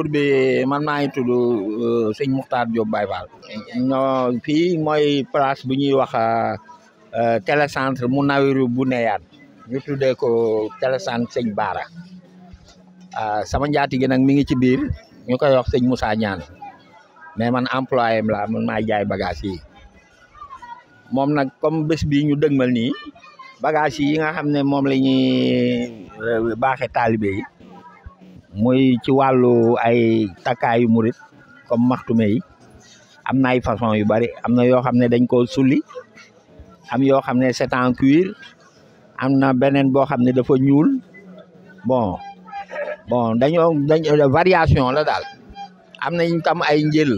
tur man maa ngi tudd euh, sëñ Muxtaar Diop Baye ñoo fii mooy place bu ñuy wax euh, euh, télécentre mu nawiru bu neyaan ñu tuddee ko télécentre sëñ Baara sama njaati gi nag mi ngi ci biir ñu koy wax sëñ Moussa Ñaan mais man employé la man maa jaay bagage yi moom nag comme bés bi ñu dëgmal nii bagage yi nga xam ne moom la ñuy baaxe taalibe mooy ci wàllu ay takkaayu murit comme maxtume yi am na ay façon yu bari am na yoo xam ne dañ koo sulli am yoo xam ne c'est en cuir am na beneen boo xam ne dafa ñuul bon bon dañoo dañ variation la daal am nañ tam ay njël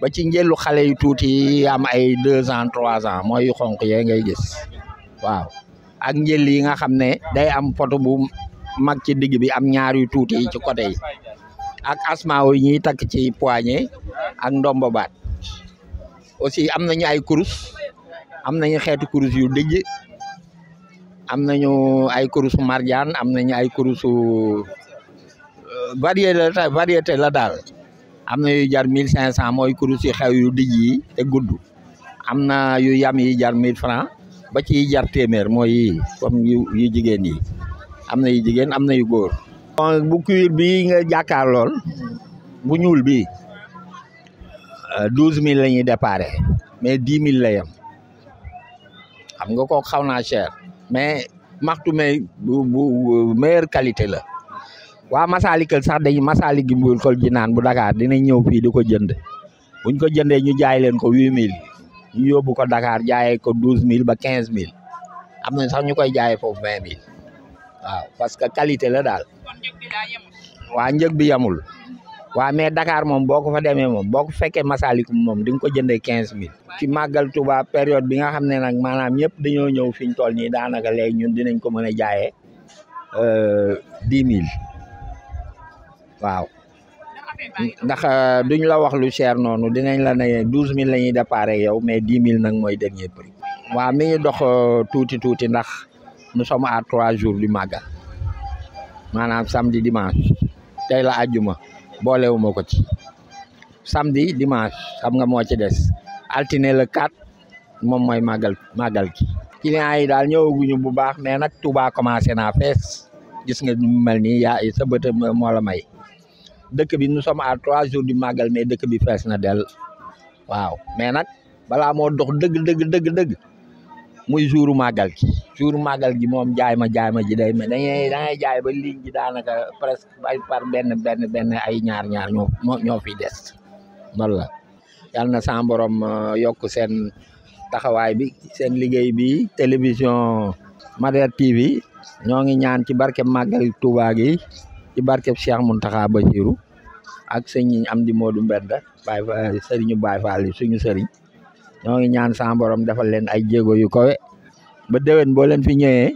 ba ci njëlu xale yu tuuti am ay deux ans trois ans mooy xonq yee ngay gis waaw ak njël yi nga xam ne day am photo bu mag ci digg bi am ñaar yu tuuti yi ci côté yi ak asmaaw yi ñuy takk ci poignet ak ndombo aussi am nañu ay kurus am nañu xeetu kurus yu dijj am nañu ay kurusu marjaan am nañu ay kurus euh, variété variété la daal am na yu jar mille cinq cent mooy kurus yu xew yu dijj yi te gudd am na yu yam yi jar mille franc ba ci jar téeméer mooy comme yu yu jigéen yi am na yu jigéen am na yu góor. bu cuir bii nga jàkkaar lool bu ñuul bii euh, douze mille la ñuy déparé mais dix mille la yem xam nga kooku xaw naa cher mais maxtume bu bu meilleure qualité la waa Masaalikal sax dañu Masaalik gi mbul kol naan bu Dakar dinañ ñëw fii di ko jënd buñ ko jëndee ñu jaay leen ko huit mille ñu yóbbu ko Dakar jaayee ko douze mille ba quinze mille am na sax ñu koy jaayee foofu vingt mille waaw parce que qualité la daal waa njëg bi yamul waa mais Dakar moom boo ko fa demee moom boo ku fekkee Masalikum moom di nga ko jëndee quinze mille ci màggal Tuuba période bi nga xam ne nag maanaam ñëpp dañoo ñëw fi ñu toll nii daanaka léegi ñun dinañ ko mën a jaayee euh, dix mille waaw ndax euh, duñ la wax lu cher noonu dinañ la ne douze mille la ñuy déparé yow mais dix mille nag mooy dernier prix. waa mi dox euh, tuuti tuuti ndax. nous sommes à trois jours du màggal di samedi dimanche tey la ajjuma boolewuma ko ci samedi dimanche xam nga moo ci des altine le 4 moom mooy màggal màggal gi clients yi daal ñëwaguñu bu baax mais nak Touba commencé naa fees gis nga mu mel nii yaa sa bët moo la may dëkk bi nous sommes à trois jours du màggal mais dëkk bi fees na del waaw mais nag dox muy jouru màggal gi jouru màggal gi moom jaay ma jaay ma ji day mel da ngay da jaay ba ligne gi daanaka presque ay par benn benn benn ay ñaar ñaar ñoo fi des loolu la yàlla na sa borom euh, yokk seen taxawaay bi seen liggéey bi télévision Mader TV ñoo ngi ñaan ci barkeb màggal Touba gi ci barkeb Cheikh Mountakha Bassirou ak sëñ am di Modou Mbenda Baye Serigne Baye Fall suñu sëriñ ñoo ngi ñaan sa borom defal leen ay jéego yu kawe ba dewen boo leen fi ñëwee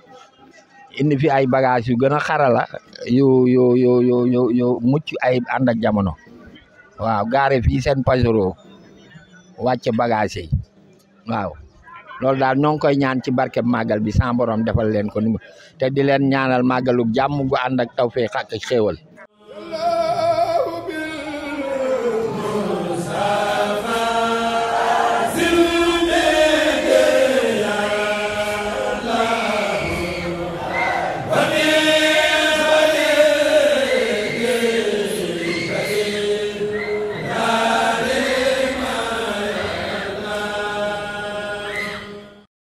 indi fi ay bagage yu gën a xarala yu yu yu mucc ay ànd ak jamono waaw gaare fii seen Pajero wàcce bagage yi waaw loolu daal ñoo ngi koy ñaan ci barkeb màggal bi sa borom defal leen ko ni te di leen ñaanal màggalu jàmm gu ànd ak tawfeex ak xéewal